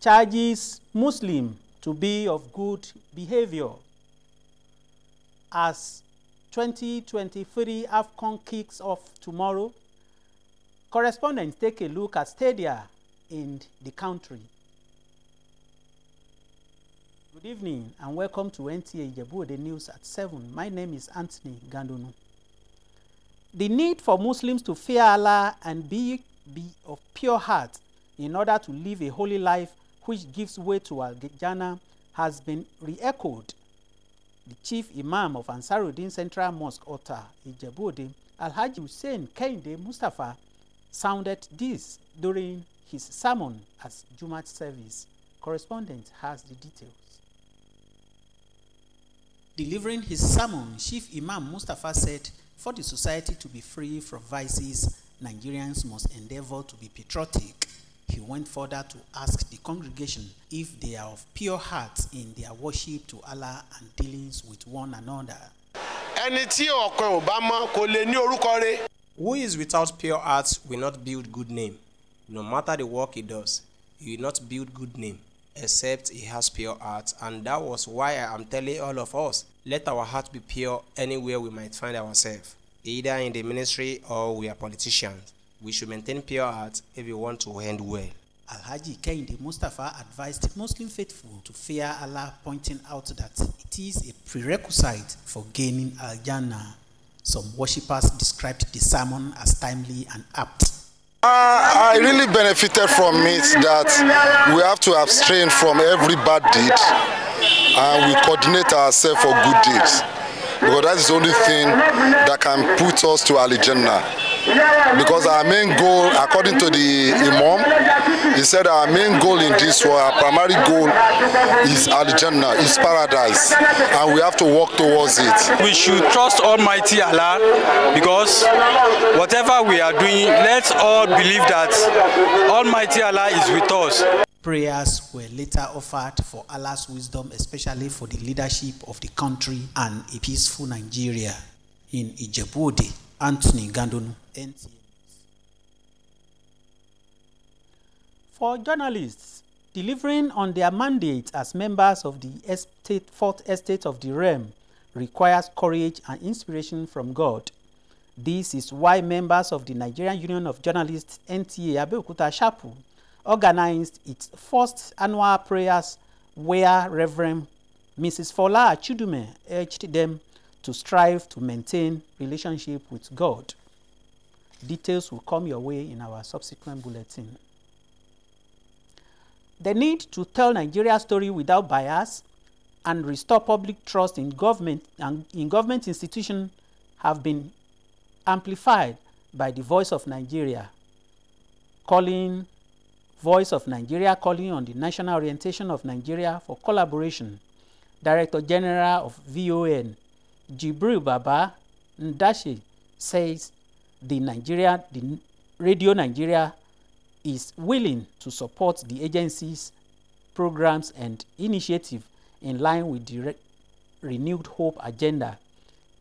charges Muslim to be of good behavior as 2023 AFCON kicks off tomorrow. Correspondents take a look at stadia in the country. Good evening and welcome to NTA Ijebuode News at 7. My name is Anthony Gandunu. The need for Muslims to fear Allah and be, be of pure heart in order to live a holy life which gives way to Al Jannah has been re-echoed. The chief imam of Ansaruddin Central Mosque, Otta Ijebuode, Alhaji Hussein Kinde Mustafa, sounded this during his sermon as Jumat service. Correspondent has the details. Delivering his sermon, Chief Imam Mustafa said, for the society to be free from vices, Nigerians must endeavor to be patriotic he went further to ask the congregation if they are of pure hearts in their worship to Allah and dealings with one another. ẹni tí ọkàn ò bá mọ́ kò lè ní orúkọ rẹ̀. who is without pure hearts will not build good name no matter the work he does he will not build good name except he has pure heart and that was why i am telling all of us let our heart be pure anywhere we might find ourselves either in the ministry or we are politicians we should maintain pure hearts if we want to end well. Alhaji Kehinde Mustafa advised Muslim faithful to fear Allah, pointing out that it is a prerequisite for gaining Al Jannah. Some worshippers described the sermon as timely and apt. Uh, I really benefited from it that we have to abstain from every bad deed and we coordinate ourselves for good deeds because that is the only thing that can put us to alijanna because our main goal according to the imam he said our main goal in this world our primary goal is alijanna is paradise and we have to work towards it. we should trust almighty allah because whatever we are doing let's all believe that almighty allah is with us. prayers were later offered for Allah's wisdom, especially for the leadership of the country and a peaceful Nigeria in Ijebuode, Anthony Gandonu. For journalists, delivering on their mandate as members of the estate, fourth estate of the realm requires courage and inspiration from God. This is why members of the Nigerian Union of Journalists, NTA Abeokuta Shapu, organized its first annual prayers where Reverend Mrs. Fola Chidume urged them to strive to maintain relationship with God. Details will come your way in our subsequent bulletin. The need to tell Nigeria's story without bias and restore public trust in government and in government institutions have been amplified by the voice of Nigeria, calling Voice of Nigeria calling on the National Orientation of Nigeria for Collaboration, Director General of VON, Jibril Baba Ndashi, says the Nigeria, the Radio Nigeria is willing to support the agency's programs and initiative in line with the re renewed hope agenda.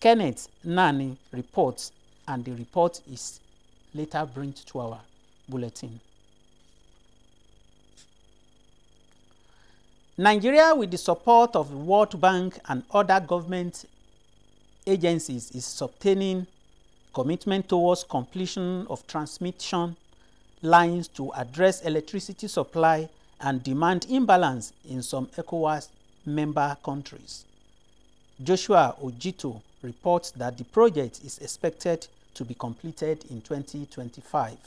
Kenneth Nani reports, and the report is later brought to our bulletin. Nigeria, with the support of the World Bank and other government agencies, is sustaining commitment towards completion of transmission lines to address electricity supply and demand imbalance in some ECOWAS member countries. Joshua Ojito reports that the project is expected to be completed in 2025.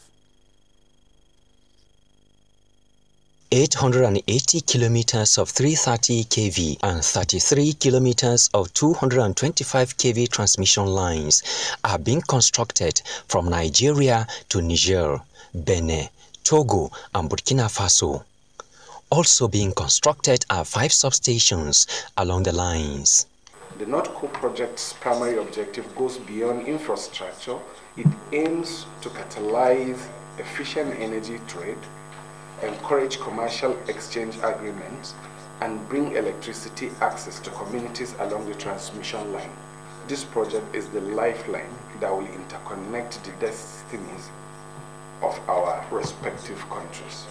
880 kilometers of 330 kV and 33 kilometers of 225 kV transmission lines are being constructed from Nigeria to Niger, Benin, Togo, and Burkina Faso. Also being constructed are five substations along the lines. The NotCo project's primary objective goes beyond infrastructure. It aims to catalyze efficient energy trade encourage commercial exchange agreements, and bring electricity access to communities along the transmission line. This project is the lifeline that will interconnect the destinies of our respective countries.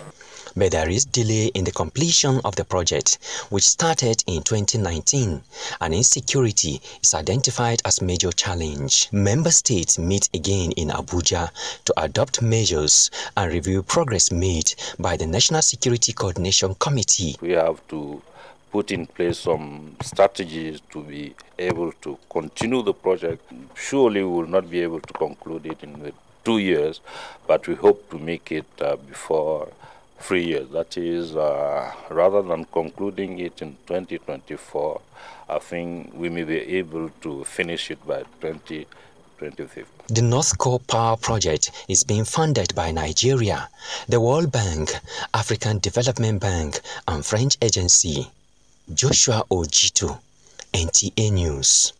But there is delay in the completion of the project, which started in 2019, and insecurity is identified as major challenge. Member states meet again in Abuja to adopt measures and review progress made by the National Security Coordination Committee. We have to put in place some strategies to be able to continue the project. Surely we will not be able to conclude it in the two years, but we hope to make it uh, before three years. That is, uh, rather than concluding it in 2024, I think we may be able to finish it by 2025. The North Core Power Project is being funded by Nigeria, the World Bank, African Development Bank, and French Agency. Joshua Ojito, NTA News.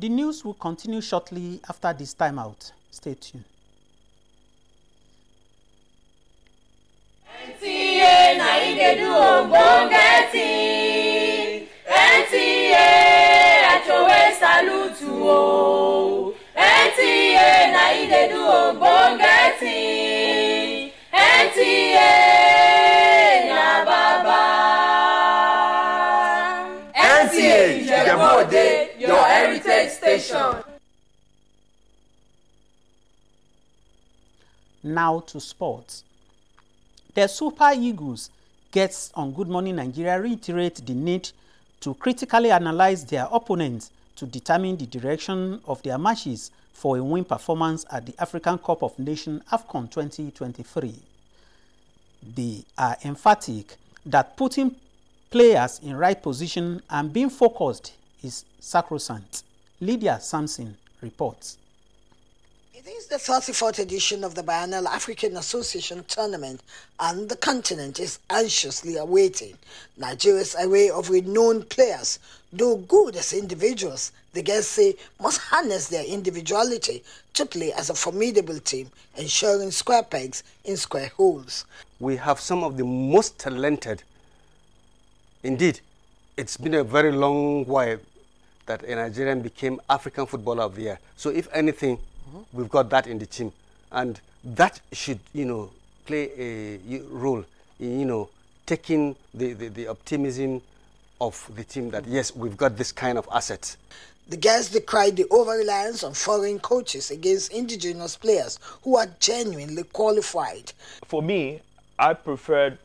The news will continue shortly after this timeout. Stay tuned. NTA na Igedu Ogbongeti NTA achowe salutu o NTA na Igedu Ogbongeti. Station. Now to sports. The Super Eagles gets on Good Morning Nigeria reiterate the need to critically analyze their opponents to determine the direction of their matches for a win performance at the African Cup of Nations AFCON 2023. They are emphatic that putting players in right position and being focused is sacrosanct. Lydia Sampson reports. It is the 34th edition of the Biennial African Association Tournament, and the continent is anxiously awaiting Nigeria's array of renowned players. Though good as individuals, the guests say must harness their individuality to play as a formidable team, ensuring square pegs in square holes. We have some of the most talented. Indeed, it's been a very long while that a Nigerian became African Footballer of the Year. So if anything, mm -hmm. we've got that in the team. And that should, you know, play a role in, you know, taking the, the, the optimism of the team that, mm -hmm. yes, we've got this kind of asset. The guys decried the over-reliance on foreign coaches against indigenous players who are genuinely qualified. For me, I preferred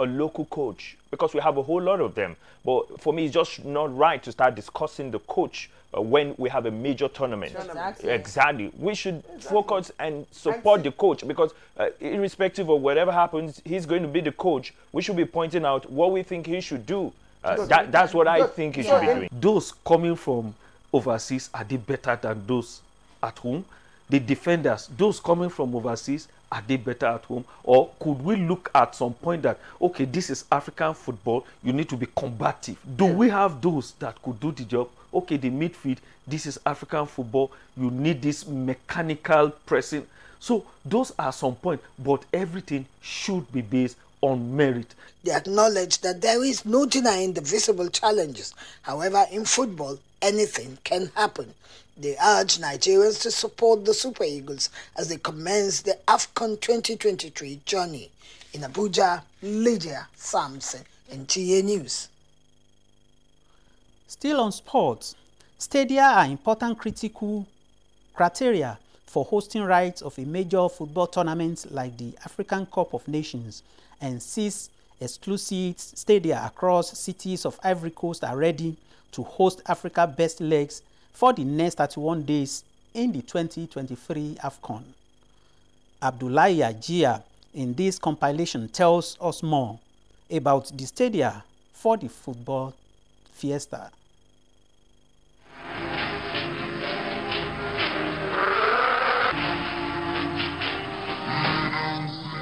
a local coach because we have a whole lot of them. But for me, it's just not right to start discussing the coach uh, when we have a major tournament. Exactly. exactly. We should exactly. focus and support the coach because, uh, irrespective of whatever happens, he's going to be the coach. We should be pointing out what we think he should do. Uh, that, that's what I think he should be doing. Those coming from overseas are they better than those at home? The defenders, those coming from overseas, are they better at home? Or could we look at some point that, okay, this is African football, you need to be combative. Do yeah. we have those that could do the job? Okay, the midfield, this is African football, you need this mechanical pressing. So those are some points, but everything should be based on merit. They acknowledge that there is no denying the visible challenges. However, in football, anything can happen. They urge Nigerians to support the Super Eagles as they commence the AFCON 2023 journey. In Abuja, Lydia Sampson, NTA News. Still on sports, stadia are important critical criteria for hosting rights of a major football tournament like the African Cup of Nations and CIS exclusive stadia across cities of Ivory Coast are ready to host Africa Best Legs for the next 31 days in the 2023 AFCON. Abdullahi Ajia in this compilation tells us more about the stadia for the football fiesta.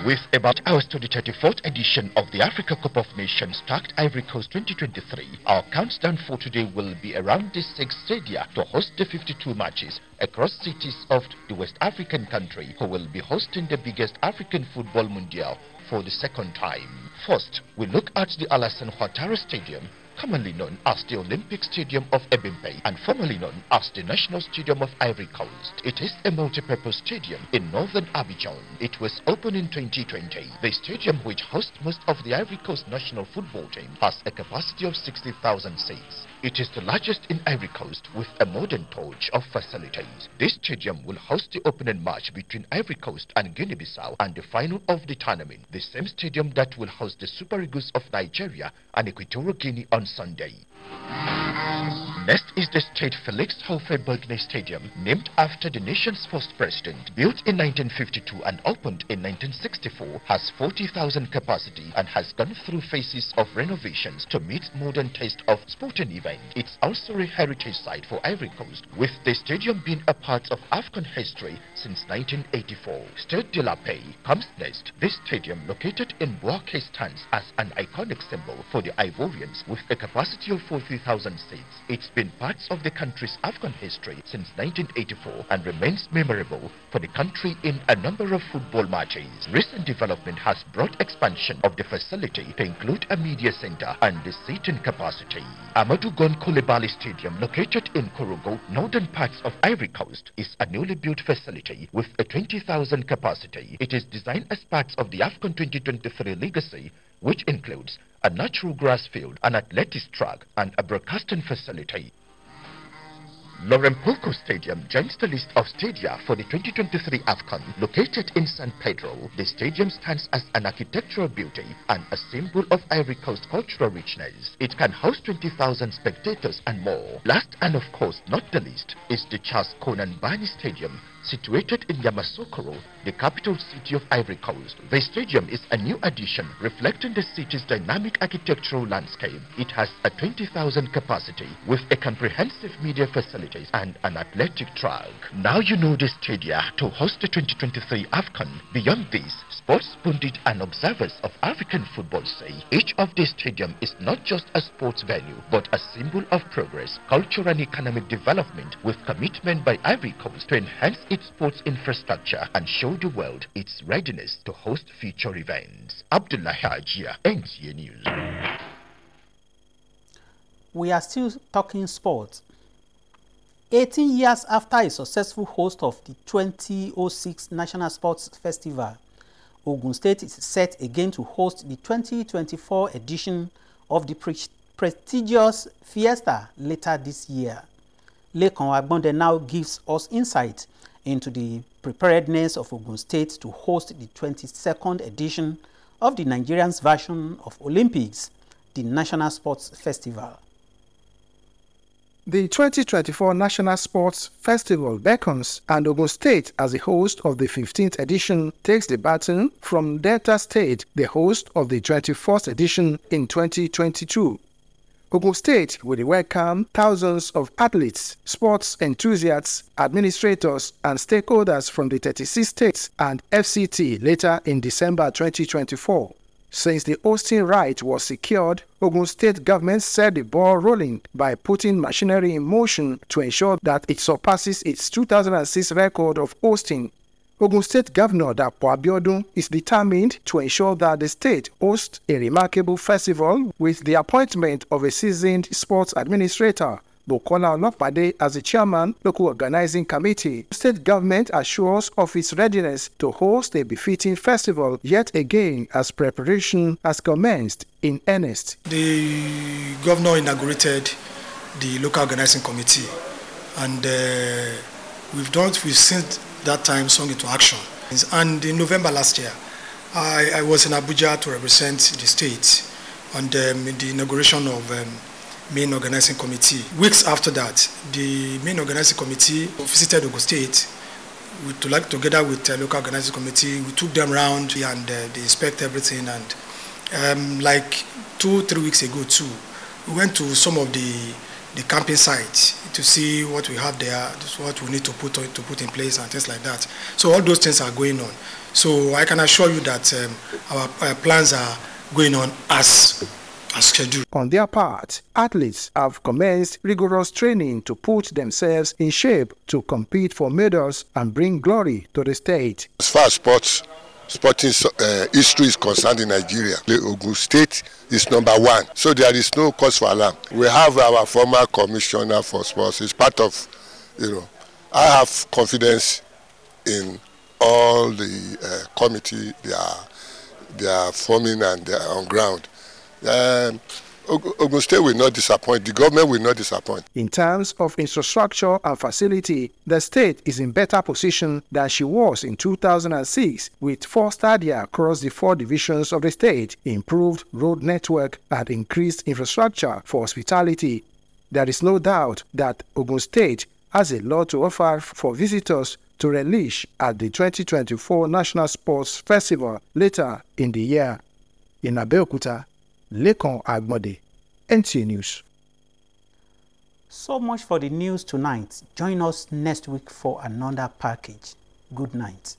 With about hours to the 34th edition of the Africa Cup of Nations Stacked Ivory Coast 2023, our countdown for today will be around the six stadia to host the 52 matches across cities of the West African country who will be hosting the biggest African football mundial for the second time. First, we look at the Alassane Ouattara Stadium commonly known as the Olympic Stadium of Ebimbe and formerly known as the National Stadium of Ivory Coast. It is a multi-purpose stadium in northern Abidjan. It was opened in 2020. The stadium, which hosts most of the Ivory Coast national football team, has a capacity of 60,000 seats. It is the largest in Ivory Coast with a modern touch of facilities. This stadium will host the opening match between Ivory Coast and Guinea-Bissau and the final of the tournament. The same stadium that will host the Super Eagles of Nigeria and Equatorial Guinea on Sunday. Next is the State Felix Haufe Bergne Stadium, named after the nation's first president. Built in 1952 and opened in 1964, has 40,000 capacity and has gone through phases of renovations to meet modern taste of sporting event. It's also a heritage site for Ivory Coast, with the stadium being a part of Afghan history since 1984. Stade de la Paix comes next. This stadium, located in Boaké, stands as an iconic symbol for the Ivorians with a capacity of 40,000 seats. It's been part of the country's Afghan history since 1984 and remains memorable for the country in a number of football matches. Recent development has brought expansion of the facility to include a media center and the seating capacity. Amadou Gon Koulibaly Stadium, located in Korogo, northern parts of Ivory Coast, is a newly built facility with a 20,000 capacity. It is designed as part of the Afghan 2023 legacy, which includes a natural grass field, an athletics track, and a broadcasting facility. Lauren Polko Stadium joins the list of stadia for the 2023 AFCON. Located in San Pedro, the stadium stands as an architectural beauty and a symbol of Ivory Coast cultural richness. It can house 20,000 spectators and more. Last and of course not the least is the Charles Conan Barney Stadium Situated in Yamasokoro, the capital city of Ivory Coast, the stadium is a new addition reflecting the city's dynamic architectural landscape. It has a 20,000 capacity with a comprehensive media facilities and an athletic track. Now you know the stadium to host the 2023 AFCON. Beyond this, sports pundits and observers of African football say each of the stadium is not just a sports venue but a symbol of progress, culture and economic development with commitment by Ivory Coast to enhance its sports infrastructure and show the world its readiness to host future events. Abdullah Hajia, NTA News. We are still talking sports. 18 years after a successful host of the 2006 National Sports Festival, Ogun State is set again to host the 2024 edition of the pre prestigious Fiesta later this year. Lekan Agbonde now gives us insight into the preparedness of Ogun State to host the 22nd edition of the Nigerians' version of Olympics, the National Sports Festival. The 2024 National Sports Festival beckons, and Ogun State, as the host of the 15th edition, takes the baton from Delta State, the host of the 21st edition in 2022. Ogun State will welcome thousands of athletes, sports enthusiasts, administrators, and stakeholders from the 36 states and FCT later in December 2024. Since the hosting right was secured, Ogun State government set the ball rolling by putting machinery in motion to ensure that it surpasses its 2006 record of hosting Ogun State Governor Dapo Abiodun is determined to ensure that the state hosts a remarkable festival with the appointment of a seasoned sports administrator Bukola Olopade as the chairman, local organizing committee. State government assures of its readiness to host a befitting festival yet again as preparation has commenced in earnest. The governor inaugurated the local organizing committee and uh, we've done we've since that time swung into action. And in November last year, I, I was in Abuja to represent the state on the, the inauguration of um, main organizing committee. Weeks after that, the main organizing committee visited Ogo State we to like together with the local organizing committee. We took them around and uh, they inspect everything. And um, like two, three weeks ago too, we went to some of the the camping site to see what we have there, what we need to put to put in place and things like that. So all those things are going on. So I can assure you that um, our, our uh, plans are going on as on their part, athletes have commenced rigorous training to put themselves in shape to compete for medals and bring glory to the state. As far as sports sporting uh, history is concerned in Nigeria. Ogun State is number one. So there is no cause for alarm. We have our former commissioner for sports. It's part of, you know, I have confidence in all the uh, committee they are, they are forming and they are on ground. Um, Ogun State will not disappoint. The government will not disappoint. In terms of infrastructure and facility, the state is in better position than she was in 2006 with four stadia across the four divisions of the state, improved road network, and increased infrastructure for hospitality. There is no doubt that Ogun State has a lot to offer for visitors to relish at the 2024 National Sports Festival later in the year. In Abeokuta, Lekan Agbonde, NTA News. So much for the news tonight. Join us next week for another package. Good night.